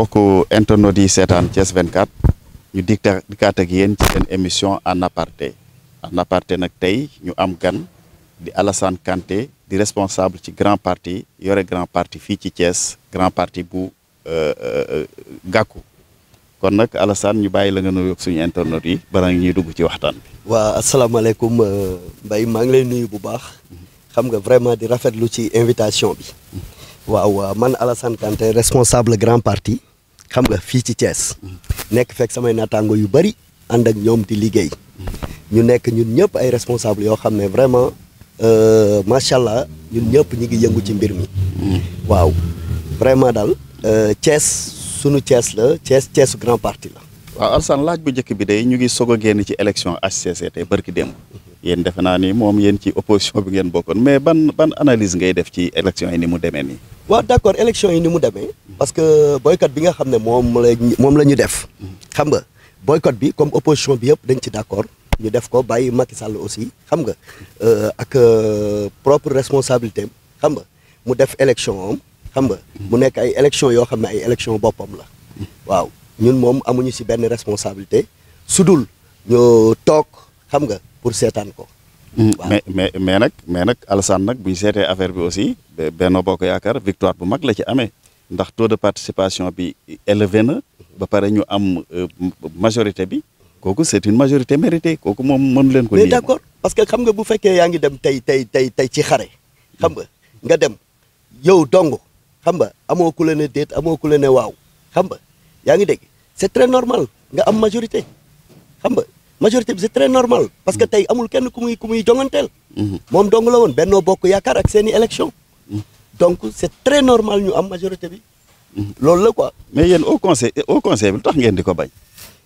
mbokku internet yi seetaan Thiès 24 ñu dikta dikkaat ak yéen ci seen émission en aparté en aparté nag tey ñu am gan di Alassane Kanté di responsable ci grand parti yore grand parti fii ci Thiès grand parti bu euh, euh, Gakou kon nag Alassane ñu bàyyi la nga nuyu ak suñu internet yi bara ñuy dugg ci waxtaan bi. waa asalaamaaleykum euh, Mbaye maa ngi lay nuyu bu baax xam nga vraiment di rafetlu ci invitation bi. Mm-hmm. waaw man Alassane Kanté responsable grand partie xam nga fii ci Thiès nekk fekk samay naataango yu bari ànd ak ñoom di liggéey ñu nekk ñun ñëpp ay responsable yoo xam ne vraiment euh, macha allah ñun ñëpp ñu ngi yëngu ci mbir mi waaw vraiment daal cees euh, sunu cees la cees Thièsu grand parti la waaw Alassane laaj bu njëkk bi day ñu ngi soo a génn ci élection HCCT barki démb yéen defe naa ni moom yéen ci opposition bi ngeen bokkoon mais ban ban analyse ngay def ci élection yi ni mu deme nii. waaw d' accord yi ni mu demee. parce que boycott bi nga xam ne moom la moom la ñu def. xam nga boycott bi comme opposition bi yëpp dañ ci d' accord. ñu def ko bàyyi Macky Sall aussi xam nga euh, ak euh, propre responsabilité xam nga mu def élection am xam nga mu nekk ay élection yoo xam ne ay élection boppam la waaw ñun moom amuñu si benn responsabilité sudul ñu toog xam nga pour seetaan ko. Mm, mais mais mais nag mais nag Alassane nag bu ñu seetee affaire bi aussi Benno Bokk Yaakaar victoire bu mag la ci amee ndax taux de participation bi élevé na ba pare ñu am euh, majorité bi kooku c'est une majorité méritée kooku moom mënu leen ko. mais d'accord parce que xam nga bu fekkee yaa ngi dem tey tey tey tey ci xare. xam nga nga dem yow dong xam nga amoo ku la ne déet amoo ku la ne waaw xam nga yaa ngi dégg c'est très normal nga am majorité xam nga. majorité bi c'est très normal parce que mm-hmm. tey amul kenn ku muy ku muy jonganteel mm-hmm. moom dong la woon Benno Bokk Yaakaar ak seeni élection mm-hmm. donc c'est très normal ñu am majorité bi loolu la ko mais yéen au conseil au conseil bi lu tax ngeen di ko bañ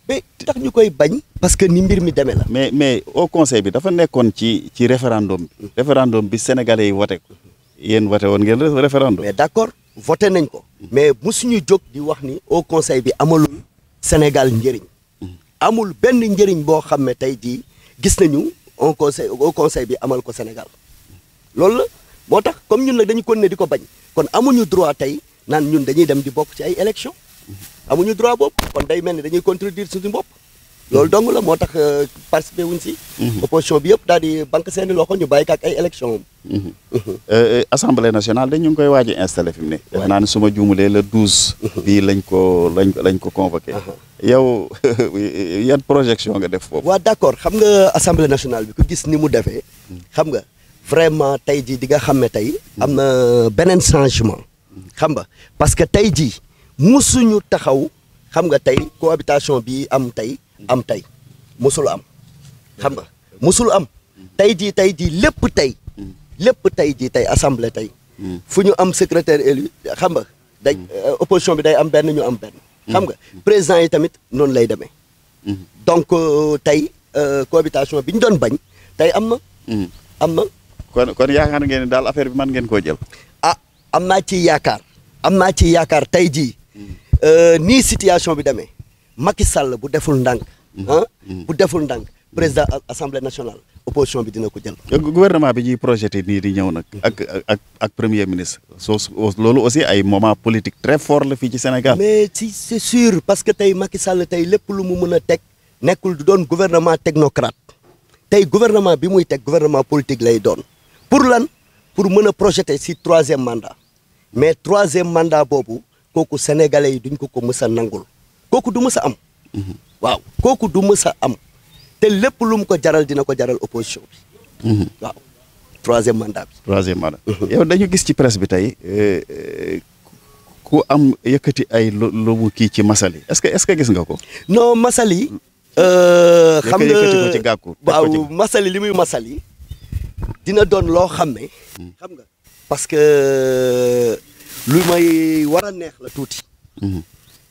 mais tax ñu koy bañ parce que ni mbir mi demee mais mais au conseil bi dafa nekkoon ci ci référendum bi bi sénégalais yi voté ko yéen voté woon ngeen référendum mais d'accord voté nañ ko mais musuñu jóg di wax ni au conseil bi amalul Sénégal njëriñ amul benn njëriñ boo xam ne tey jii gis nañu un conseil au conseil bi amal ko Sénégal loolu la moo tax comme ñun nag dañu continuer di ko bañ kon amuñu droit tey naan ñun dañuy dem di bokk ci ay élection amuñu droit boobu kon day mel ni dañuy contredire suñu bopp loolu dong la moo tax euh, participé wuñ si. Mhm. opposition bi yëpp daal di banque seen loxo ñu bàyyi ko ak ay élection mhm. Mhm. Euh, euh, assemblée nationale dañ ñu ngi koy waaj a fi mu ne. waaw naa ne su ma juumulee le douze. lañ ko lañ ko convoqué. yow yan projection nga def foofu. waaw d' accord xam nga assemblée nationale bi ku gis ni mu defee. xam nga vraiment tey jii di nga xam ne tey. am na beneen changement. xam nga parce que tey jii musuñu taxaw xam nga tey cohabitation bi am tey. am tey musul am xam nga musul am tey jii tey jii lépp tey lépp tey jii tey assemblée tey fu ñu am secrétaire élu xam nga day euh, opposition bi day am benn ñu am benn xam nga président yi tamit noonu lay demee donc euh, tey euh, cohabitation bi ñu doon bañ tey am na am na kon kon yaakaar ngeen daal affaire bi man ngeen koo jël a ah, am naa ci yaakaar am naa ci yaakaar tey jii nii situation bi demee Macky Sall bu deful ndànk. Mm. ah mm. bu deful ndànk président assemblée nationale opposition bi dina ko jël. gouvernement bi ñuy projeté nii di ñëw nag. ak ak premier ministre. soo loolu aussi ay moment politique très foor la fii ci Sénégal. mais si c'est parce que tey Macky Sall tey lépp lu mu mën a teg nekkul di doon gouvernement technocrate tey gouvernement bi muy teg gouvernement politique lay doon pour lan pour mën a projeté si troisième manda mais troisième manda boobu kooku sénégalais yi duñ ko ko mës a nangul. kooku du mës a am. waaw kooku du mës a am te lépp lu mu ko jaral dina ko jaral opposition bi. waaw troisième mandat bi. troisième mandat. Mhm. yow dañu gis ci presse bi tey euh, euh, ku am yëkkati ay lu mu kii ci Massaly est-ce que est-ce que gis nga ko. non Massaly. Euh, xam nga yëkkati ko ci gàkku. waaw Massaly li muy Massaly dina doon loo xam ne. Hmm. xam nga parce que lu may war a neex la tuuti. Hmm.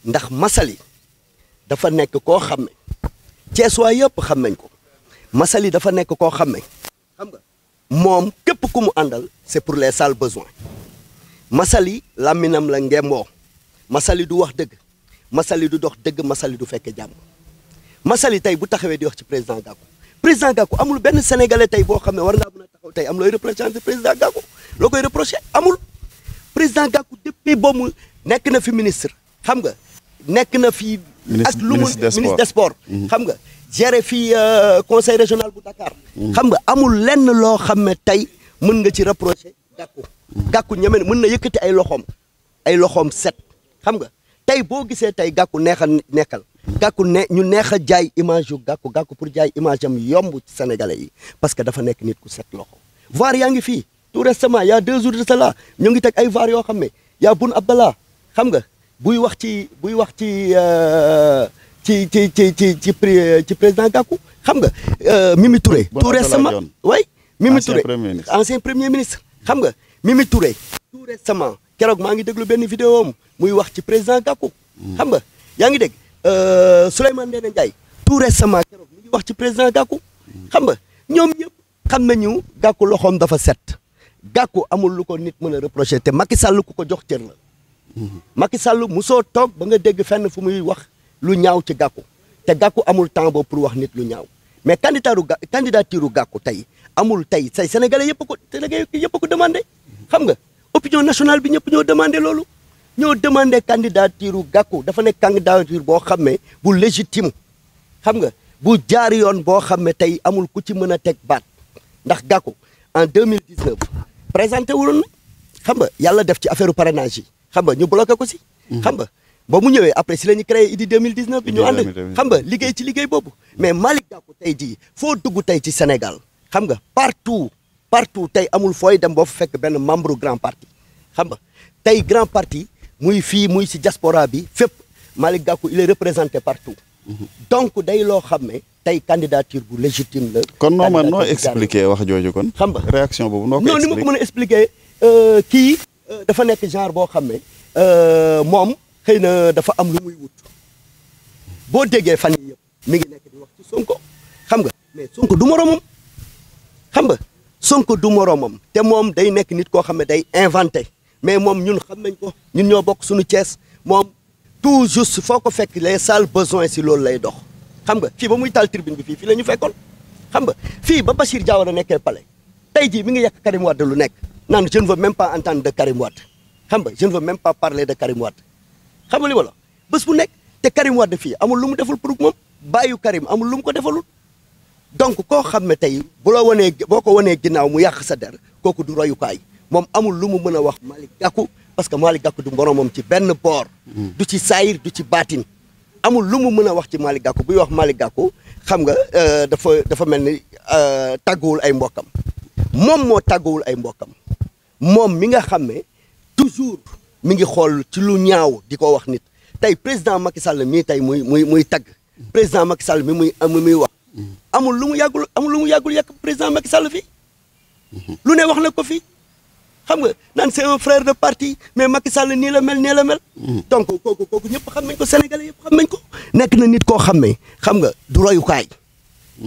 ndax Massaly. dafa nekk koo xam ne Ceesuwaay yëpp xam nañ ko Massaly dafa nekk koo xam ne xam nga moom képp ku mu àndal c'est pour les sales besoins Massaly làmminam la ngemboo Massaly du wax dëgg Massaly du dox dëgg Massaly du fekke jàmm Massaly tey bu taxawee di wax ci président Gakou président Gakou amul benn sénégalais tey boo xam ne war ngaa a taxaw tey am looy représenté président Gakou loo koy reproché amul président Gakou depuis boobu nekk na fi ministre xam nga nekk na ak lu mu ministre des sports mhm. xam nga géré fii euh, conseil régional bu Dakar mhm. xam nga amul lenn loo xam ne tey mën nga ci reproché gàkku mhm. gàkku ñeme mën na yëkkati ay loxoom ay loxoom set xam nga tey boo gisee tey gàkku neex a nekkal gàkku ne ñu neex a jaay image yu gàkku gàkku pour jaay image am yomb ci sénégalais yi parce que dafa nekk nit ku set loxo VAR yaa ngi fii tout récemment y a deux jours de cela ñu ngi teg ay VAR yoo xam ne ya a Boun Abdallah xam nga buy wax ci buy wax ci euh, ci ci ci ci ci ci président Gakou xam nga euh, Mimi Touré. tout récemment way Mimi Touré ancien premier ministre xam nga Mimi ture tout récemment keroog maa ngi déglu benn vidéo am muy wax ci président Gakou. Hmm. xam nga yaa ngi dégg euh, Souleymane Ndéné Ndiaye. tout récemment keroog mu ngi wax ci président Gakou. Hmm. xam nga ñoom ñëpp xam nañu Gakou loxoom dafa set. Gakou amul lu ko nit mën a reproché te Macky Sall ku ko jox cër la. Macky Sall musoo toog ba nga dégg fenn fu muy wax lu ñaaw ci gàkku te gàkku amul temps boobu pour wax nit lu ñaaw mais candidature ga candidature gàkku tey amul tey say sénégalais yëpp ko sénégalais yëpp ko demandé. xam nga opinion nationale bi ñëpp ñoo demandé loolu ñoo demandé candidature gàkku dafa nekk candidature boo xam ne bu légitime xam nga bu jaar yoon boo xam ne tey amul ku ci mën a teg baat ndax gàkku en 2019 présenté wuloon xam nga yàlla def ci affaire parrainage yi. xam nga ñu bloqué ko si. Mhm. xam nga ba mu ñëwee après si la ñu créé IDI 2019. ñu ànd xam nga liggéey ci liggéey boobu. mais Malick Gakou tey jii foo dugg tey ci Sénégal xam nga partout partout tey amul fooy dem boo fa fekk benn membre grand parti. xam nga tey grand parti muy fii muy si diaspora bi fépp Malick Gakou il est représenté partout. Mhm. donc day loo xam ne tey candidature bu légitime la. kon noo ma noo expliqué wax jooju kon. xam nga réaction boobu noo ko expliqué non ni euh, kii. Euh, dafa nekk genre boo xam ne euh, moom xëy na dafa am lu muy wut boo déggee fan yi yëpp mi ngi nekk di wax ci Sonko xam nga mais Sonko du moroomam xam nga Sonko du moroomam te moom day nekk nit koo xam ne day inventé mais moom ñun xam nañ ko ñun ñoo bokk suñu Cees moom tout juste foo ko fekk les sales besoins si loolu lay dox xam nga fii ba muy taal tribune bi fii fii la ñu fekkoon xam nga fii ba Bachir Diawara nekkee pale tey jii mi ngi yàq Karim Wade lu nekk naan je ne veux même pas entendre de Karim Wade xam nga je ne veux même pas parler de Karim Wade xam nga li ma la bés bu nekk te Karim Wade fii amul lu mu deful pour moom bàyyu Karim amul lu mu ko defalul donc koo xam ne tey bu la wanee boo ko wanee ginnaaw mu yàq sa der kooku du royukaay moom amul lu mu mën a wax Malick Gakou parce que Malick Gakou du moom ci benn boor hmm. du ci saayir du ci baatin amul lu mu mën a wax ci Malick Gakou buy wax mali Gakou xam nga euh, dafa dafa mel ni euh, tàgguwul ay mbokkam moom moo tàgguwul ay mbokkam moom mi nga xam ne toujours mi ngi xool ci lu ñaaw di ko wax nit tey président Macky Sall mii tey muy muy muy tagg président Macky Sall mi muy mi muy wax amul lu mu yàggul amul lu mu yàggul yàgg président Macky Sall fii lu ne wax na ko fii xam nga naan c'est un frère parti mais Macky Sall nii la mel nii la mel. donc kooku kooku ñëpp xam nañ ko Sénégalais yëpp xam nañ ko. nekk na nit koo xam ne xam nga du royukaay.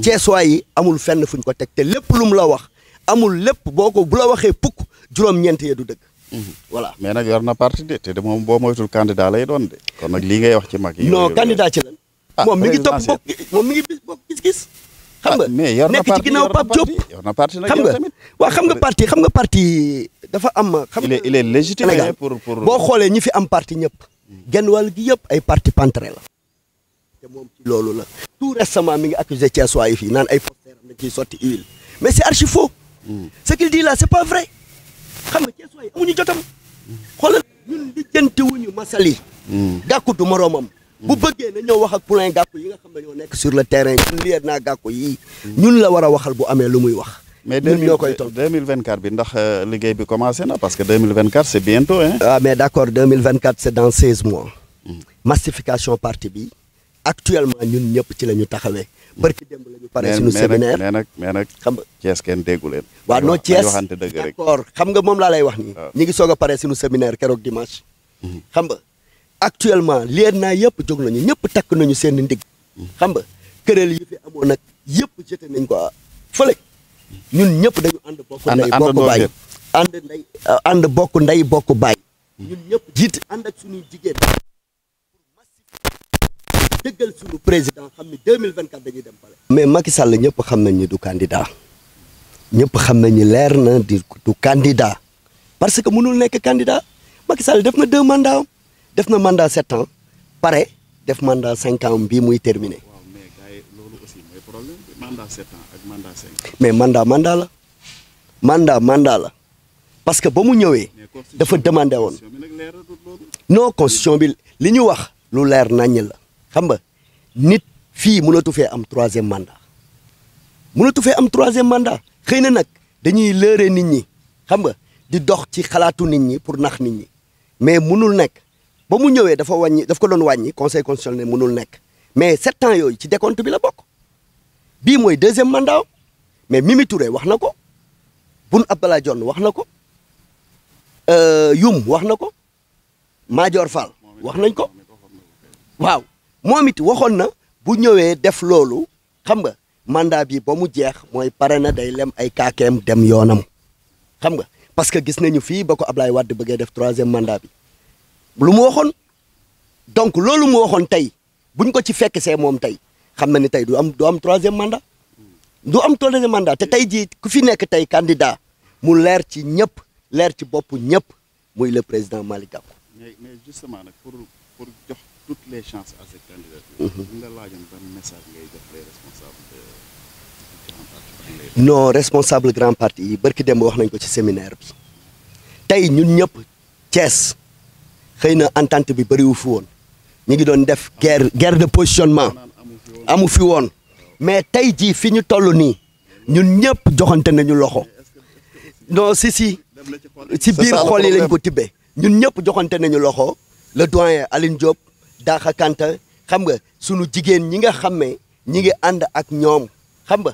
Ceesuwaay yi amul fenn fu ñu ko teg te lépp lu mu la wax amul lépp boo ko bu la waxee pukk juróom-ñeent yee du dëgg. Mhm. voilà mais nag yor na parti de te de moom boo moytul candidat lay doon de. kon nag lii ngay wax ci mag yi. non ci lan. Ah, moom mi ngi topp bokk moom mi ah, nekk ci ginnaaw Pape Diop yor na parti xam nga waaw xam nga parti xam nga parti dafa am. xam nga il est légitime pour pour. boo xoolee ñi fi am parti ñëpp. Mm. genn wàll gi yëpp ay parti pantre la. te moom loolu la. tout récemment mi ngi accusé Thiès waay fii naan ay posteurs am na sotti huile mais c'est archi faux. Mm. ce qu'il dit là c'est pas vrai. xam nga Cees waay amuñu jotam xoolal ñun lijjanti wuñu masali hmm. gàkku du moroomam bu hmm. bëggee na ñëw wax ak poulain gàkku yi nga xam ne ñoo nekk sur le terrain ñun lier naa gàkku yii hmm. ñun la war a waxal bu amee lu muy wax mais deux mille vingt quatre bi ndax euh, liggéey bi commencé na parce que deux mille vingt quatre c' est bientôt hein. Ah, mais d' accord deux mille vingt quatre c' est dans seize mois. massification parti bi actuellement ñun ñëpp ci la ñu taxawee. barki démb la ñu pare suñu séminaire mais nag mais nag xam nga Thiès kenn déggu leen waaw non Thiès xam nga moom laa lay wax nii ñi ngi soog a pare suñu séminaire keroog dimanche mhm. xam nga actuellement leen naa yëpp jóg nañu ñëpp takk nañu seen ndigg mhm. xam nga këréel yi fi amoon nag yëpp jete nañ ko fële ñun ñëpp dañu ànd bokk ndey bokk baay ànd ndey ànd bokk ndey bokk baay mhm. ñun ñëpp jiit ànd ak suñuy jigéen dëggal suñu président xam ni 2024 dañuy dem pale mais Macky Sall ñëpp xam nañ ni du candidat ñëpp xam nañ ni leer na di du candidat parce que mënul nekk candidat Macky Sall def na deux mandats def na mandat sept ans pare def mandaa cinq ans bii muy terminé. waaw mais gars yi loolu aussi mooy mais mandat mandat la mandat mandat la parce que ba mu ñëwee. dafa demandé woon. non constitution bi li ñu wax lu leer naññ la. xam nga nit fii mënatu fee am troisième mandat mënatu fee am troisième mandat xëy na nag dañuy lëre nit ñi xam nga di dox ci xalaatu nit ñi pour nax nit ñi mais mënul nekk ba mu ñëwee dafa wàññi daf ko doon wàññi conseil constitutionnel ne mënul nekk mais sept ans yooyu ci décompte bi la bokk bii mooy deuxième mandat mais Mimi Touré wax na ko Boun Abdallah jon wax na ko euh, Youm wax na ko Madior Fall wax nañ ko waaw moom it waxoon na bu ñëwee def loolu xam nga mandat bi ba mu jeex mooy pare na day lem ay kaakeem dem yoonam xam nga parce que gis nañu fii ba ko Ablaye Wade bëggee def troisième mandat bi lu mu waxoon donc loolu mu waxoon tey buñ ko ci fekk see moom tey xam na ni tey du am du troisième mandat du am troisième mandat te tey jii ku fi nekk tey candidat mu leer ci ñëpp leer ci bopp ñëpp muy le président Malick Gakou mais nag pour toutes les chances à cette candidature. Mhm. bu nga laajoon responsable grand parti yi barki dem wax nañ ko ci séminaire bi tey ñun ñëpp Thiès xëy na entente bi bëriwu fi woon ñu ngi doon def guerre guerre de positionnement amu fi woon mais tey jii fi ñu toll nii ñun ñëpp joxante nañu loxo non si si si biir xol yi ko tibbee ñun ñëpp joxante nañu loxo le doyen alin Diop Daxa xam nga sunu jigéen ñi nga xam ne ñi ngi ànd ak ñoom xam nga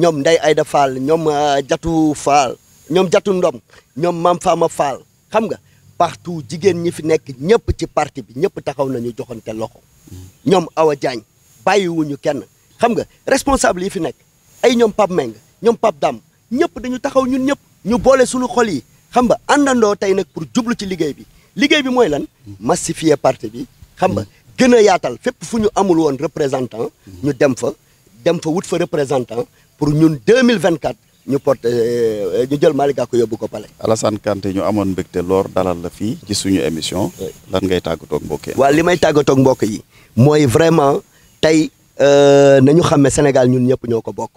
ñoom Ndeye Aida Fall ñoom Jatu euh, Fall ñoom Jatu Ndom ñoom maam Fama Fall xam nga partout jigéen ñi fi nekk ñëpp ci parti bi ñëpp taxaw nañu joxante loxo ñoom Awa Diagne bàyyiwuñu kenn xam nga responsable yi fi nekk ay ñoom Pape Meng ñoom Pape dàmm ñëpp dañu taxaw ñun ñëpp ñu boole suñu xol yi xam nga àndandoo tey nag pour jublu ci liggéey bi liggéey bi mooy lan mm. massifier parti bi xam nga gën a yaatal fépp fu ñu amul woon représentant ñu dem fa dem fa wut fa représentant pour ñun 2024 ñu porte euh, ñu jël Malick Gakou yóbbu ko Palais. Alassane Kanté ñu amoon mbégte loor dalal la fii ci suñu émission. lan ngay tàggatoo ak mbokk yi. waaw li may tàggatoo mbokk yi mooy vraiment tey euh, nañu xam ne Sénégal ñun ñëpp ñoo ko bokk.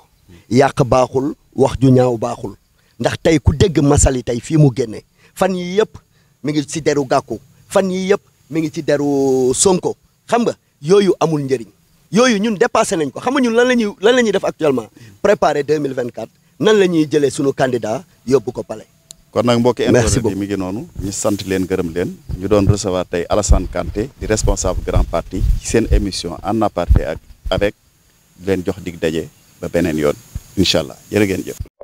yàq baaxul wax ju ñaaw baaxul ndax tey ku dégg masali tey fii mu génne fan yii yëpp mu ngi si deru gàkku fan yii yëpp mi ngi ci deru Sonko xam nga yooyu amul njariñ yooyu ñun dépassé nañ ko xam nga ñun lan la ñuy lan la ñuy def actuellement préparer 2024 nan lañuy ñuy jëlee sunu candidat yóbbu ko palais. kon nag mbokki internet yi mi ngi noonu ñu sant leen gërëm leen ñu doon recevoir tey Alassane Kanté di responsable grand parti seen émission en aparté ak avec leen jox dig daje ba beneen yoon incha allah jërë ngeen jëf